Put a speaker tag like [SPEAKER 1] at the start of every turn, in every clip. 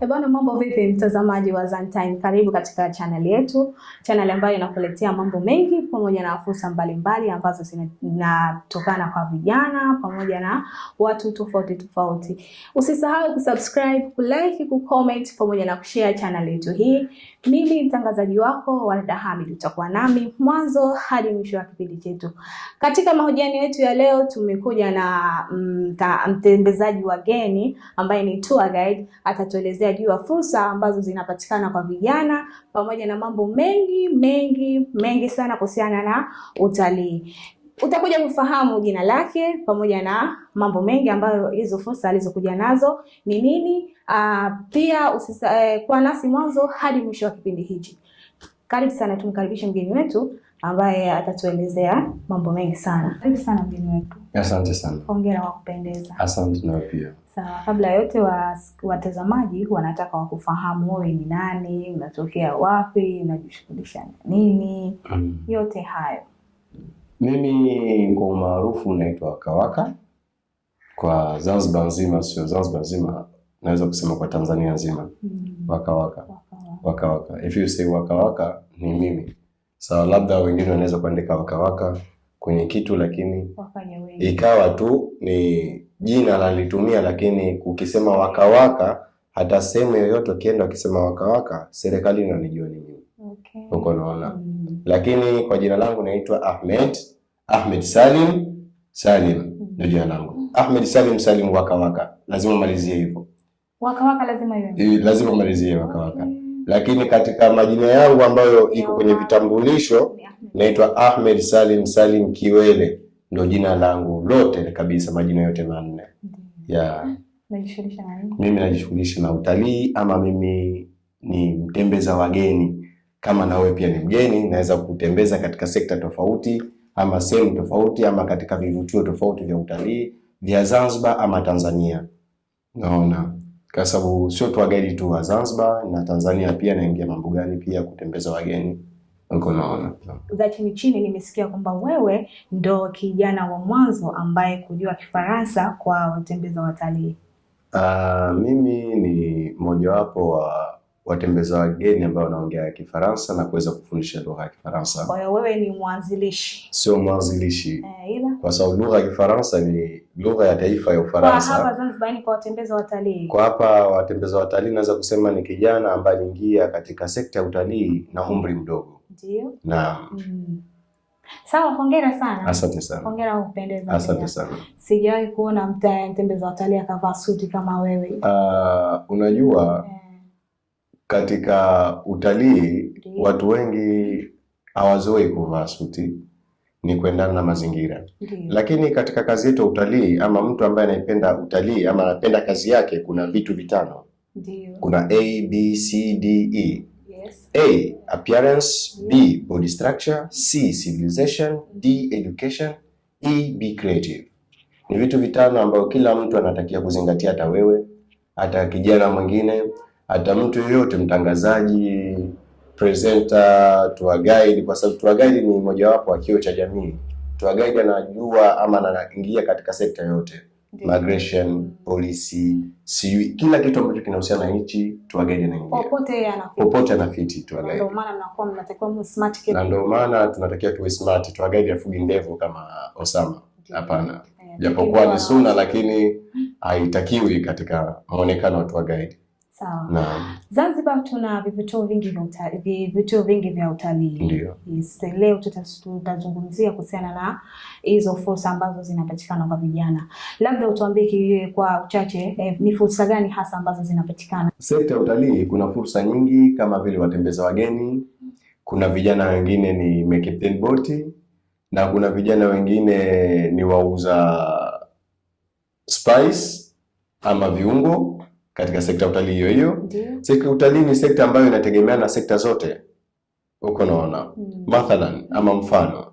[SPEAKER 1] Ebana, eh, mambo vipi mtazamaji wa Zantime? Karibu katika channel yetu, channel ambayo inakuletea mambo mengi pamoja na fursa mbalimbali ambazo zinatokana kwa vijana pamoja na watu tofauti tofauti. Usisahau kusubscribe, kulike, kucomment pamoja na kushare channel yetu hii. Mimi mtangazaji wako Warda Hamid, utakuwa nami mwanzo hadi mwisho wa kipindi chetu. Katika mahojiano yetu ya leo tumekuja na mm, mtembezaji wageni ambaye ni tour guide atatuelezea ya fursa ambazo zinapatikana kwa vijana pamoja na mambo mengi mengi mengi sana kuhusiana na utalii. Utakuja kufahamu jina lake pamoja na mambo mengi ambayo hizo fursa alizokuja nazo ni nini. Uh, pia usisa, eh, kwa nasi mwanzo hadi mwisho wa kipindi hichi. Karibu sana, tumkaribishe mgeni wetu ambaye atatuelezea mambo mengi sana. Karibu sana mgeni wetu. Asante sana. Hongera kwa kupendeza.
[SPEAKER 2] Asante na pia.
[SPEAKER 1] Sawa, kabla yote watazamaji wanataka wakufahamu wewe ni nani, unatokea wapi, unajishughulisha na nini? Mm. Yote hayo.
[SPEAKER 2] Mimi kwa umaarufu naitwa Kawaka kwa Zanzibar nzima, sio Zanzibar nzima, naweza kusema kwa Tanzania nzima. Mm. Waka Wakawaka. Waka. If you say waka waka, ni mimi. Sawa, labda wengine wanaweza kuandika wakawaka kwenye kitu, lakini ikawa tu ni jina lalitumia, lakini ukisema wakawaka, hata sehemu yoyote ukienda ukisema wakawaka, serikali inanijua ni mimi huko, naona mm. Lakini kwa jina langu naitwa Ahmed Ahmed Salim Salim mm. ndio jina langu Ahmed Salim Salim wakawaka, lazima umalizie hivyo
[SPEAKER 1] wakawaka, lazima
[SPEAKER 2] iwe lazima umalizie wakawaka okay lakini katika majina yangu ambayo iko kwenye vitambulisho naitwa Ahmed Salim Salim Kiwele, ndo jina langu lote kabisa, majina yote manne Mimi najishughulisha na utalii ama mimi ni mtembeza wageni. Kama nawe pia ni mgeni, naweza kutembeza katika sekta tofauti ama sehemu tofauti ama katika vivutio tofauti vya utalii vya Zanzibar ama Tanzania. Naona kwa sababu sio tu wageni tu wa Zanzibar na Tanzania, pia naingia mambo gani pia kutembeza wageni huko naona
[SPEAKER 1] za chini chini. Nimesikia kwamba wewe ndo kijana wa mwanzo ambaye kujua Kifaransa kwa watembeza watalii.
[SPEAKER 2] Uh, mimi ni mmojawapo wa watembeza wageni ambao wanaongea ya Kifaransa na kuweza kufundisha lugha ya Kifaransa.
[SPEAKER 1] Kwa hiyo wewe ni mwanzilishi?
[SPEAKER 2] Sio mwanzilishi
[SPEAKER 1] eh, ila
[SPEAKER 2] kwa sababu lugha ya Kifaransa ni lugha ya taifa ya Ufaransa.
[SPEAKER 1] Kwa hapa Zanzibar ni kwa watembeza watalii.
[SPEAKER 2] Kwa hapa watembeza watalii naweza kusema ni kijana ambaye aliingia katika sekta ya utalii na umri mdogo. Ndio. Naam. Mm.
[SPEAKER 1] Sawa, hongera sana. Asante sana. Hongera kupendeza. Asante sana. Sijawahi kuona mtembeza watalii akavaa suti kama wewe.
[SPEAKER 2] Uh, unajua yeah katika utalii watu wengi hawazoei kuvaa suti, ni kuendana na mazingira. Lakini katika kazi yetu ya utalii, ama mtu ambaye anaipenda utalii ama anapenda kazi yake, kuna vitu vitano. Ndiyo. Kuna A, B, C, D, E. Yes. A, appearance, B, body structure, C, civilization, D, education, E, be creative. Ni vitu vitano ambayo kila mtu anatakia kuzingatia, hata wewe, hata kijana mwingine hata mtu yeyote, mtangazaji, presenter, tour guide, kwa sababu tour guide ni mojawapo wa kio cha jamii. Tour guide anajua ama anaingia katika sekta yote migration, policy, sijui kila kitu ambacho kinahusiana na nchi, tour guide anaingia
[SPEAKER 1] popote, yanafiti
[SPEAKER 2] popote, anafiti tour guide. Ndio
[SPEAKER 1] maana mu smart
[SPEAKER 2] Na ndio maana tunatakiwa tuwe smart. Tour guide afugi ndevu kama Osama? Hapana, eh, japokuwa ni sunna, lakini haitakiwi katika muonekano wa tour guide.
[SPEAKER 1] Sawa. Naam. Zanzibar tuna vivutio vingi vya utalii, vivutio vingi vya utalii. Yes, leo tutazungumzia kuhusiana na hizo fursa ambazo zinapatikana kwa vijana. Labda utuambie kwa uchache eh, ni fursa gani hasa ambazo zinapatikana?
[SPEAKER 2] Sekta ya utalii kuna fursa nyingi kama vile watembeza wageni, kuna vijana wengine ni makapteni boti na kuna vijana wengine ni wauza spice ama viungo katika sekta ya utalii hiyo hiyo. Sekta utalii ni sekta ambayo inategemea na sekta zote huko naona. Mm. Mathalan ama mfano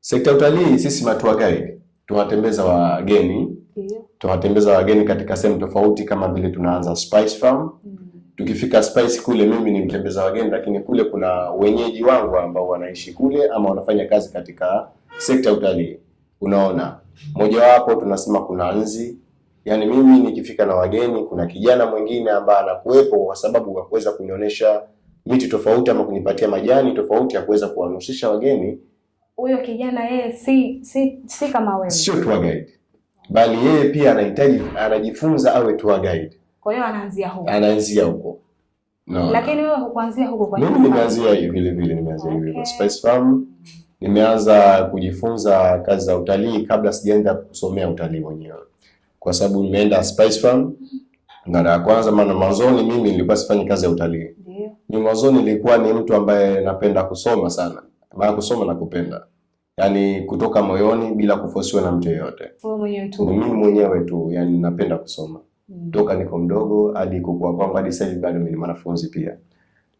[SPEAKER 2] sekta ya utalii sisi matua guide tunatembeza wageni yeah. tunatembeza wageni katika sehemu tofauti kama vile tunaanza Spice Farm. Mm. Tukifika Spice kule, mimi ni mtembeza wageni, lakini kule kuna wenyeji wangu ambao wanaishi kule ama wanafanya kazi katika sekta ya utalii. Unaona, mojawapo tunasema kuna nzi Yani mimi nikifika na wageni, kuna kijana mwingine ambaye anakuwepo kwa sababu ya kuweza kunionyesha miti tofauti ama kunipatia majani tofauti ya kuweza kuwahusisha wageni.
[SPEAKER 1] Huyo kijana yeye si si si kama wewe,
[SPEAKER 2] sio tour guide, bali yeye pia anahitaji anajifunza awe tour guide.
[SPEAKER 1] Kwa hiyo anaanzia huko,
[SPEAKER 2] anaanzia huko
[SPEAKER 1] no. Lakini wewe hukuanzia huko kwa
[SPEAKER 2] nini? Nimeanzia hivi vile vile, nimeanzia hivi okay. Spice Farm nimeanza kujifunza kazi za utalii kabla sijaenda kusomea utalii mwenyewe kwa sababu nimeenda Spice Farm mara ya kwanza, maana mwanzoni mimi nilikuwa sifanyi kazi ya utalii. Ni mwanzoni nilikuwa ni mtu ambaye napenda kusoma sana, maana kusoma na kupenda yani kutoka moyoni bila kuforsiwa na mtu yeyote. Mimi mwenyewe tu yani napenda kusoma mm. toka niko mdogo hadi kukua kwangu hadi sasa bado mimi ni mwanafunzi pia,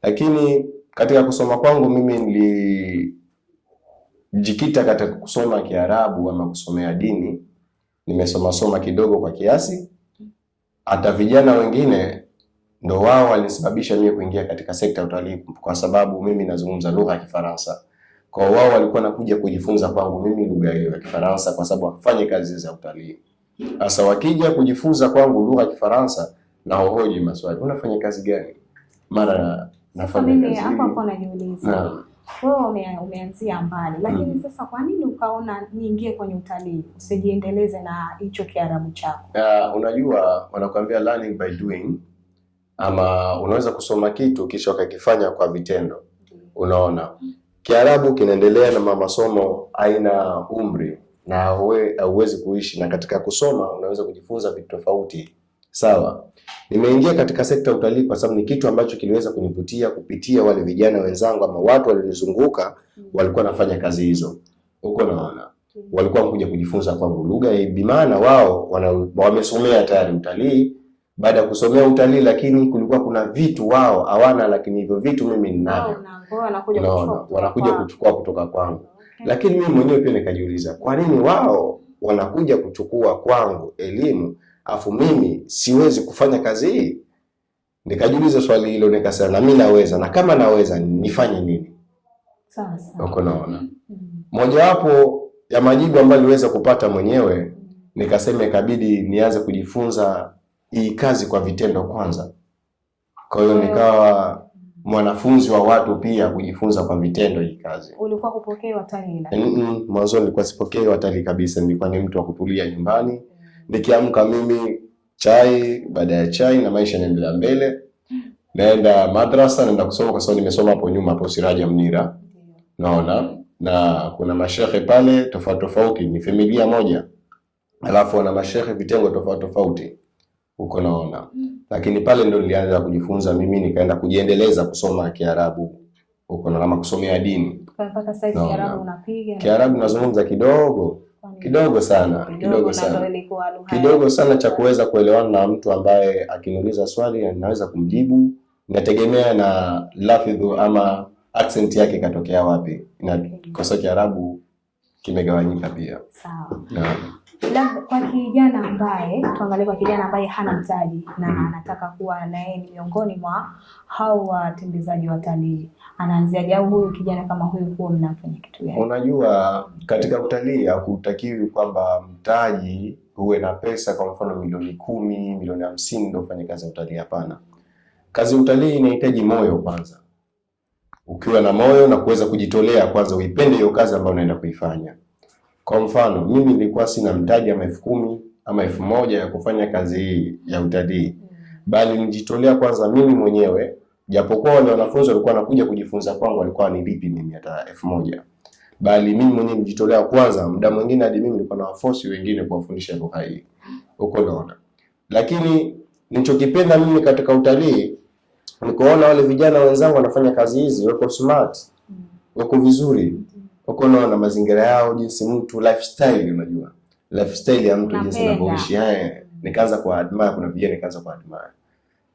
[SPEAKER 2] lakini katika kusoma kwangu mimi nilijikita katika kusoma Kiarabu ama kusomea dini nimesomasoma kidogo kwa kiasi. Hata vijana wengine ndo wao walinisababisha mimi kuingia katika sekta ya utalii, kwa sababu mimi nazungumza lugha ya Kifaransa. Kwa wao walikuwa nakuja kujifunza kwangu mimi lugha hiyo ya Kifaransa, kwa sababu wafanye kazi za utalii. Sasa wakija kujifunza kwangu lugha ya Kifaransa na hohoji maswali, unafanya kazi gani? Mara nafanya kazi
[SPEAKER 1] hapa hapo, najiuliza wewe ume, umeanzia mbali lakini mm. Sasa kwa nini ukaona niingie kwenye utalii usijiendeleze na hicho Kiarabu chako?
[SPEAKER 2] Uh, unajua wanakuambia learning by doing, ama unaweza kusoma kitu kisha ukakifanya kwa vitendo. Mm. Unaona, Kiarabu kinaendelea na masomo aina umri na uwezi kuishi, na katika kusoma unaweza kujifunza vitu tofauti Sawa, nimeingia katika sekta ya utalii kwa sababu ni kitu ambacho kiliweza kunivutia kupitia wale vijana wenzangu ama watu walionizunguka, mm. walikuwa nafanya kazi hizo huko, naona mm. walikuwa wanakuja kujifunza kwangu lugha, bi maana wao wamesomea tayari utalii. Baada ya kusomea utalii, lakini kulikuwa kuna vitu wao hawana, lakini hivyo vitu mimi ninavyo, wanakuja kuchukua kutoka kwangu. Lakini mimi mwenyewe pia nikajiuliza, kwa nini wao wanakuja kuchukua kwangu elimu afu mimi siwezi kufanya kazi hii? Nikajiuliza swali hilo, nikasema na mimi naweza, na kama naweza nifanye nini?
[SPEAKER 1] Sawa sawa,
[SPEAKER 2] naona mm-hmm. mojawapo ya majibu ambayo niliweza kupata mwenyewe, nikasema ikabidi nianze kujifunza hii kazi kwa vitendo kwanza. Kwa hiyo nikawa mwanafunzi wa watu pia kujifunza kwa vitendo hii kazi.
[SPEAKER 1] Ulikuwa kupokea watalii?
[SPEAKER 2] Mwanzo nilikuwa sipokei watalii kabisa, nilikuwa ni mtu wa kutulia nyumbani nikiamka mimi chai, baada ya chai na maisha yanaendelea mbele. Naenda madrasa, naenda kusoma kwa sababu nimesoma hapo nyuma hapo Siraja Mnira, naona na kuna mashehe pale tofauti tofauti, ni familia moja, alafu na mashehe vitengo tofauti tofauti huko naona, lakini pale ndo nilianza kujifunza mimi, nikaenda kujiendeleza kusoma Kiarabu huko na kama kusomea dini.
[SPEAKER 1] Mpaka sasa Kiarabu unapiga
[SPEAKER 2] Kiarabu nazungumza kidogo kidogo sana kidogo sana kidogo sana cha kuweza kuelewana na mtu ambaye akiniuliza swali anaweza kumjibu. Inategemea na lafidhu ama accent yake ikatokea wapi, na Kikosoa Kiarabu kimegawanyika pia.
[SPEAKER 1] Sawa kwa kijana ambaye tuangalie, kwa kijana ambaye hana mtaji na anataka kuwa yeye ni miongoni mwa hao watembezaji watalii, anaanziaje? Au huyu kijana kama huyu, huwa mnafanya kitu gani?
[SPEAKER 2] Unajua, katika utalii hakutakiwi kwamba mtaji uwe na pesa, kwa mfano milioni kumi, milioni hamsini ndio ufanye kazi ya utalii. Hapana, kazi ya utalii inahitaji moyo kwanza. Ukiwa na moyo na kuweza kujitolea, kwanza uipende hiyo kazi ambayo unaenda kuifanya kwa mfano mimi nilikuwa sina mtaji ama elfu kumi ama elfu moja ya kufanya kazi hii ya utalii, mm. bali nijitolea kwanza mimi mwenyewe, japokuwa wale wanafunzi walikuwa wanakuja kujifunza kwangu walikuwa wanilipi mimi hata elfu moja bali mimi mwenyewe nijitolea kwanza. Muda mwingine hadi mimi nilikuwa na wafosi wengine kuwafundisha lugha hii huko, naona. Lakini nilichokipenda mimi katika utalii nikuona wale vijana wenzangu wanafanya kazi hizi, wako smart, mm. wako vizuri wako na mazingira yao, jinsi mtu lifestyle, unajua lifestyle ya mtu jinsi anavyoishi. Haya, nikaanza kwa admire, kuna vijana nikaanza kwa admire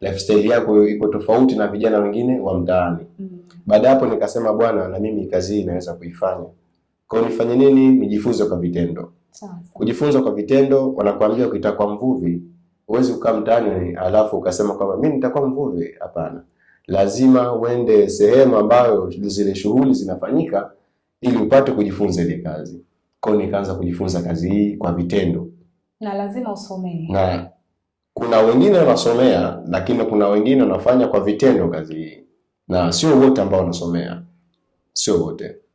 [SPEAKER 2] lifestyle yako iko tofauti na vijana wengine wa mtaani. mm Baada hapo nikasema bwana, na mimi kazi hii naweza kuifanya. Kwa hiyo nifanye nini? Nijifunze kwa vitendo. Sasa kujifunza kwa vitendo, wanakuambia ukitaka kwa mvuvi huwezi kukaa mtaani alafu ukasema kwamba mimi nitakuwa mvuvi. Hapana, lazima uende sehemu ambayo zile shughuli zinafanyika ili upate kujifunza ile kazi. Kwa hiyo nikaanza kujifunza kazi hii kwa vitendo,
[SPEAKER 1] na lazima usomee,
[SPEAKER 2] na kuna wengine wanasomea, lakini kuna wengine wanafanya kwa vitendo kazi hii, na sio wote ambao wanasomea, sio wote.